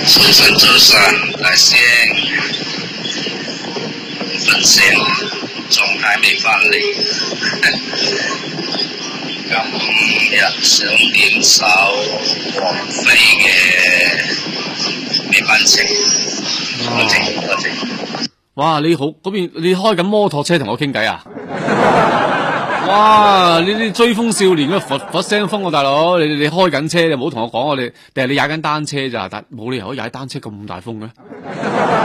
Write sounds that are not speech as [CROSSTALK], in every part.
.早晨，早晨，大師兄，大師兄，仲係未返嚟。今日想點首王菲嘅《未分手》。哇，多謝，多謝哇！你好，嗰邊你開緊摩托車同我傾偈啊？哇！呢啲追風少年咁佛佛聲風啊，大佬！你你開緊車，你唔好同我講我哋，定係你踩緊單車咋？但冇理由可以踩單車咁大風嘅。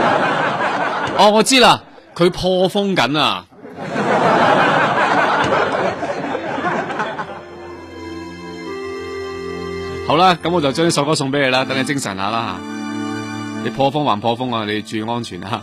[LAUGHS] 哦，我知啦，佢破風緊啊！ [LAUGHS] 好啦，咁我就將呢首歌送俾你啦，等你精神下啦吓。你破風還破風啊！你注意安全啊！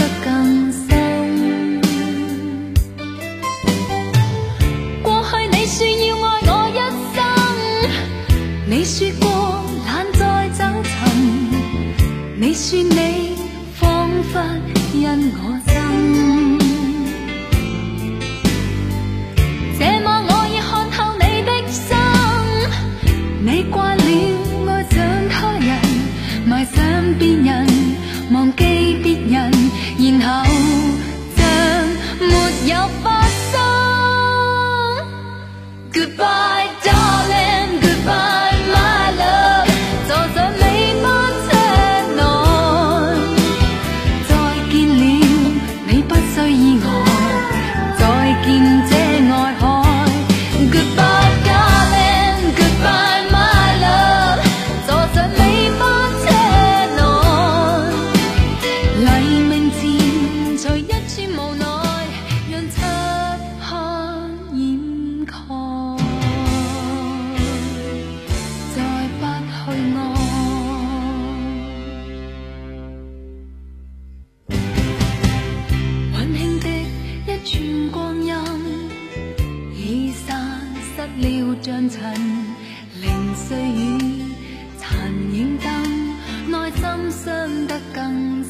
像塵，零碎雨，殘影燈，內心傷得更。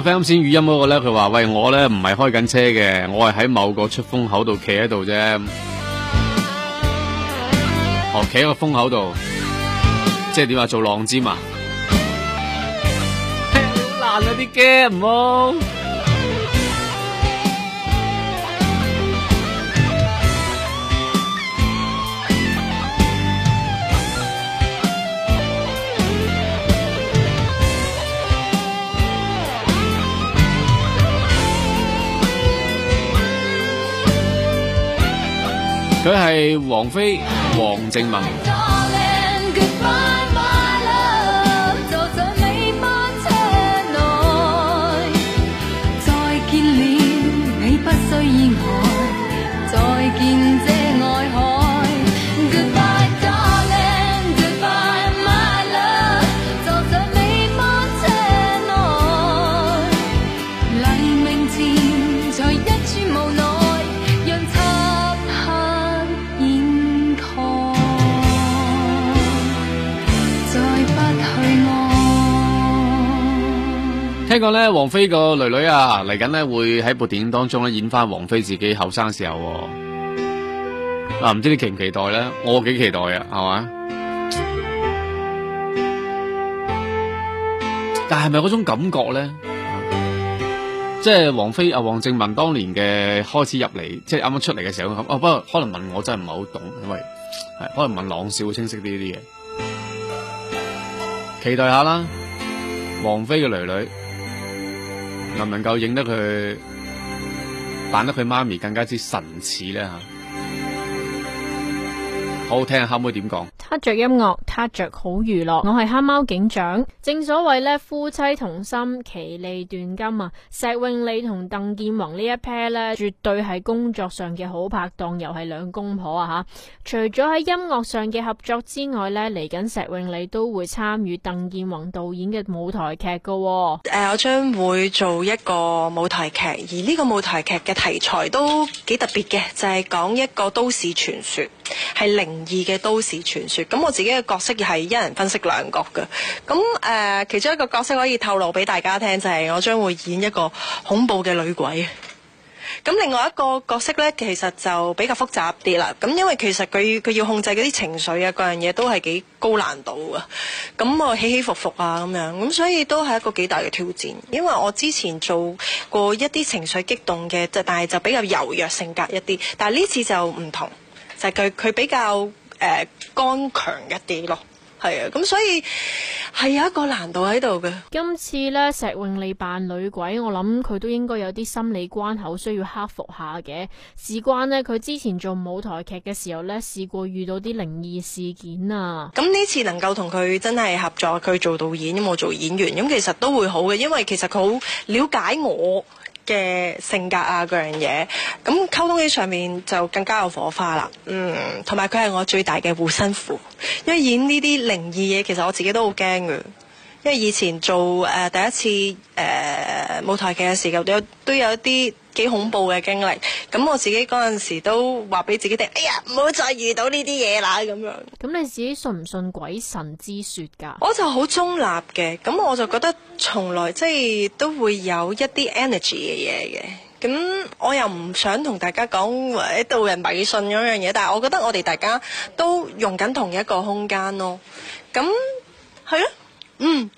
啱先語音嗰個咧，佢話，喂，我咧唔係開緊車嘅，我係喺某個出風口度企喺度啫，哦，企喺個風口度，即係點呀做浪尖啊？好難啊啲 game 唔好。佢係王菲，王靖雯。聽講咧，王菲個女女啊，嚟緊咧會喺部電影當中咧演翻王菲自己後生嘅時候，啊唔知你期唔期待咧？我幾期待啊，係嘛？但係係咪嗰種感覺咧？即係王菲啊，王靖雯當年嘅開始入嚟，即係啱啱出嚟嘅時候咁。哦，不過可能問我真係唔係好懂，因為係可能問朗少會清晰啲呢啲嘢。期待下啦，王菲嘅女女。能唔能夠影得佢扮得佢媽咪更加之神似咧吓？好，好聽下，黑妹點講？聽着音樂，聽着好娛樂。我係黑貓警長。正所謂咧，夫妻同心，其利斷金啊！石詠莉同鄧健泓呢一 pair 咧，絕對係工作上嘅好拍檔，又係兩公婆啊吓、啊。除咗喺音樂上嘅合作之外咧，嚟緊石詠莉都會參與鄧健泓導演嘅舞台劇噶、哦。誒、呃，我將會做一個舞台劇，而呢個舞台劇嘅題材都幾特別嘅，就係、是、講一個都市傳說，係靈異嘅都市傳說。咁我自己嘅角色又係一人分析兩角嘅，咁、呃、其中一個角色可以透露俾大家聽，就係、是、我將會演一個恐怖嘅女鬼。咁另外一個角色呢，其實就比較複雜啲啦。咁因為其實佢佢要控制嗰啲情緒啊，各樣嘢都係幾高難度嘅。咁我起起伏伏啊，咁樣咁，所以都係一個幾大嘅挑戰。因為我之前做過一啲情緒激動嘅，但係就比較柔弱性格一啲，但係呢次就唔同，就佢、是、佢比較。誒，剛、呃、強一啲咯，係啊，咁所以係有一個難度喺度嘅。今次呢，石永利扮女鬼，我諗佢都應該有啲心理關口需要克服一下嘅。事關呢，佢之前做舞台劇嘅時候呢，試過遇到啲靈異事件啊。咁呢次能夠同佢真係合作，佢做導演，因為我做演員，咁、嗯、其實都會好嘅，因為其實佢好了解我。嘅性格啊，嗰樣嘢，咁溝通起上面就更加有火花啦。嗯，同埋佢係我最大嘅護身符，因為演呢啲靈異嘢，其實我自己都好驚嘅。因為以前做誒、呃、第一次誒、呃、舞台劇嘅時候，都有都有一啲幾恐怖嘅經歷。咁我自己嗰陣時都話俾自己聽：哎呀，唔好再遇到呢啲嘢啦。咁樣，咁你自己信唔信鬼神之説㗎？我就好中立嘅，咁我就覺得從來即係都會有一啲 energy 嘅嘢嘅。咁我又唔想同大家講喂，導人迷信嗰樣嘢，但係我覺得我哋大家都用緊同一個空間咯。咁係囉。嗯，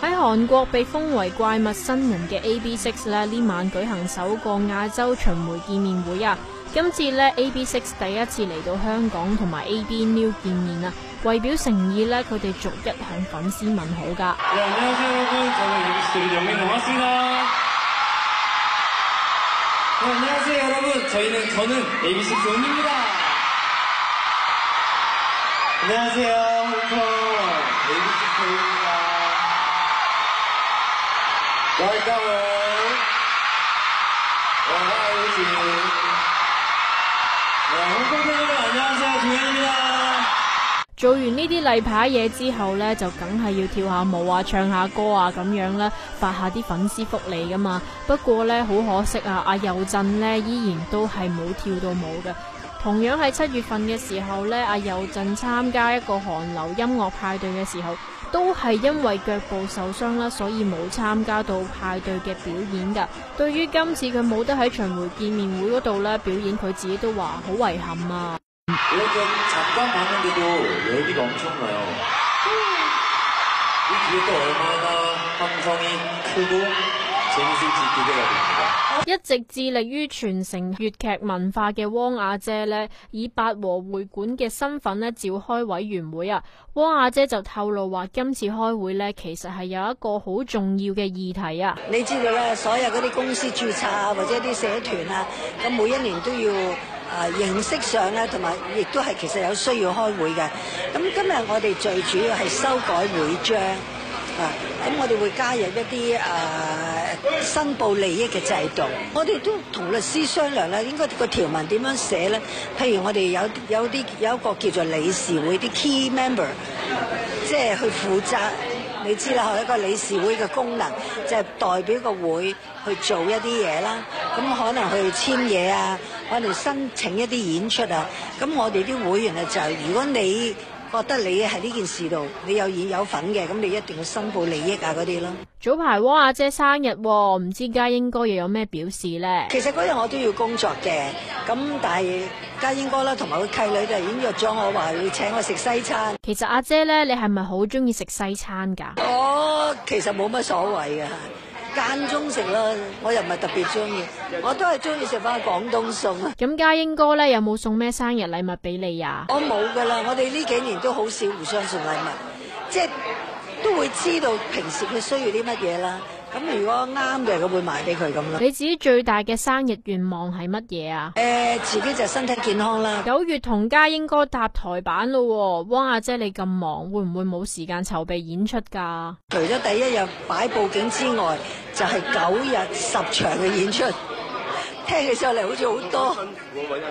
喺韓 [LAUGHS] [LAUGHS] 國被封為怪物新人嘅 AB6IX 啦，呢晚舉行首個亞洲巡迴見面會啊！今次呢 AB6IX 第一次嚟到香港同埋 AB New 見面啊，為表誠意呢，佢哋逐一向粉絲問好噶。嗯 音 mac Ruth 做完呢啲例牌嘢之後呢就梗係要跳下舞啊，唱下歌啊，咁樣啦，發下啲粉絲福利噶嘛。不過呢，好可惜啊，阿佑鎮呢依然都係冇跳到舞嘅。同樣喺七月份嘅時候呢，阿佑鎮參加一個韓流音樂派對嘅時候，都係因為腳部受傷啦，所以冇參加到派對嘅表演㗎。對於今次佢冇得喺巡回見面會嗰度呢表演，佢自己都話好遺憾啊。 [NOISE] 一直致力於傳承粵劇文化嘅汪阿姐呢，以八和會館嘅身份呢召開委員會啊。汪阿姐就透露話，今次開會呢其實係有一個好重要嘅議題啊。你知道咧，所有嗰啲公司註冊啊，或者啲社團啊，咁每一年都要啊、呃、形式上呢，同埋亦都係其實有需要開會嘅。咁今日我哋最主要係修改會章啊，咁我哋會加入一啲啊。呃申報利益嘅制度，我哋都同律師商量啦。應該個條文點樣寫咧？譬如我哋有有啲有一個叫做理事會啲 key member，即係去負責，你知啦，一個理事會嘅功能就係、是、代表個會去做一啲嘢啦。咁可能去簽嘢啊，可能申請一啲演出啊。咁我哋啲會員啊就，如果你覺得你喺呢件事度，你有意有份嘅，咁你一定要申報利益啊，嗰啲咯。早排汪阿姐生日，唔知嘉英哥又有咩表示咧？其實嗰日我都要工作嘅，咁但係嘉英哥啦，同埋佢契女就已經約咗我，話要請我食西餐。其實阿姐咧，你係咪好中意食西餐噶？我其實冇乜所謂嘅。間中食啦，我又唔係特別中意，我都係中意食翻廣東餸。咁嘉英哥呢，有冇送咩生日禮物俾你啊？我冇噶啦，我哋呢幾年都好少互相送禮物，即係都會知道平時佢需要啲乜嘢啦。咁如果啱嘅，佢會買俾佢咁咯。你自己最大嘅生日願望係乜嘢啊？誒、呃，自己就身體健康啦。九月同家應該搭台板咯。汪阿姐，你咁忙，會唔會冇時間籌備演出㗎？除咗第一日擺佈景之外，就係九日十場嘅演出，聽起上嚟好似好多。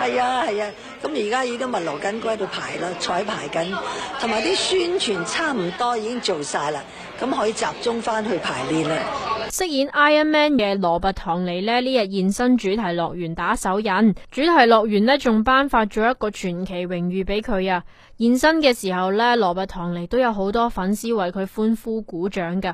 係啊，係啊。咁而家已經物流緊，喺度排啦，彩排緊，同埋啲宣傳差唔多已經做晒啦，咁可以集中返去排練啦。飾演 Iron Man 嘅羅伯唐尼呢，呢日現身主題樂園打手印，主題樂園呢，仲頒發咗一個傳奇榮譽俾佢啊！現身嘅時候呢，羅伯唐尼都有好多粉絲為佢歡呼鼓掌㗎。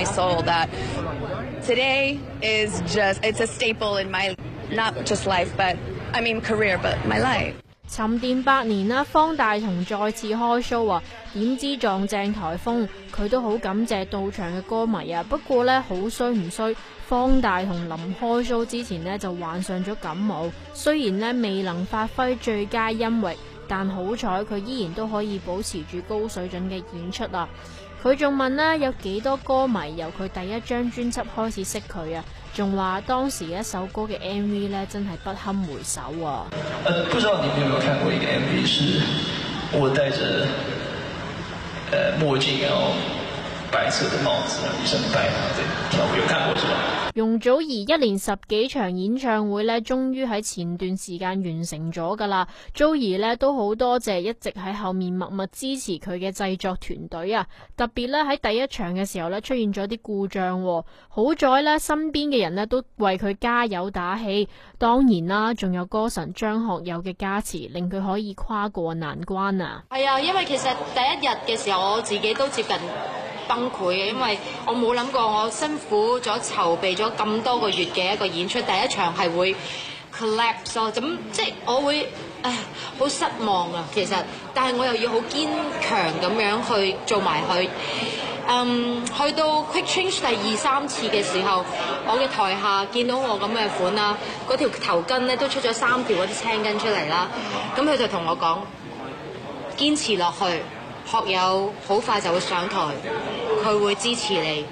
沉澱八年啦，方大同再次開 show 啊！點知撞正台風，佢都好感謝到場嘅歌迷啊！不過呢，好衰唔衰，方大同臨開 show 之前呢，就患上咗感冒，雖然呢未能發揮最佳音域，但好彩佢依然都可以保持住高水準嘅演出啊！佢仲問咧，有幾多歌迷由佢第一張專輯開始識佢啊？仲話當時一首歌嘅 MV 咧，真係不堪回首啊！不知道你們有冇睇過一個 MV，係我戴着墨鏡，然後白色嘅帽子，一身白，跳有看過，是吧？容祖兒一年十幾場演唱會呢，終於喺前段時間完成咗㗎喇。祖兒呢都好多謝一直喺後面默默支持佢嘅製作團隊啊。特別呢喺第一場嘅時候呢出現咗啲故障啊，好在身邊嘅人呢都為佢加油打氣。當然啦，仲有歌神張學友嘅加持，令佢可以跨過難關啊。係啊，因為其實第一日嘅時候我自己都接近崩潰嘅，因為我冇諗過我辛苦咗籌備，咗咁多個月嘅一個演出，第一場係會 collapse，咁、啊嗯、即係我會唉好失望啊！其實，但係我又要好堅強咁樣去做埋佢。嗯，去到 quick change 第二三次嘅時候，我嘅台下見到我咁嘅款啦，嗰條頭巾咧都出咗三條嗰啲青筋出嚟啦。咁佢就同我講：堅持落去，學友好快就會上台，佢會支持你。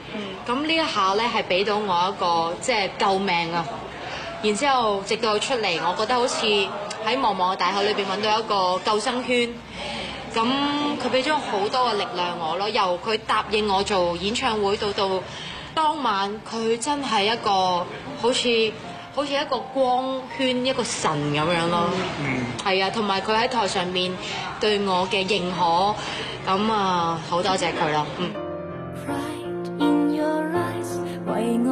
咁呢一下呢，係俾到我一個即係救命啊！然之後直到佢出嚟，我覺得好似喺茫茫嘅大海裏面揾到一個救生圈。咁佢俾咗好多嘅力量我咯，由佢答應我做演唱會到到當晚，佢真係一個好似好似一個光圈一個神咁樣咯。係、嗯、啊，同埋佢喺台上面對我嘅認可，咁啊好多謝佢囉。嗯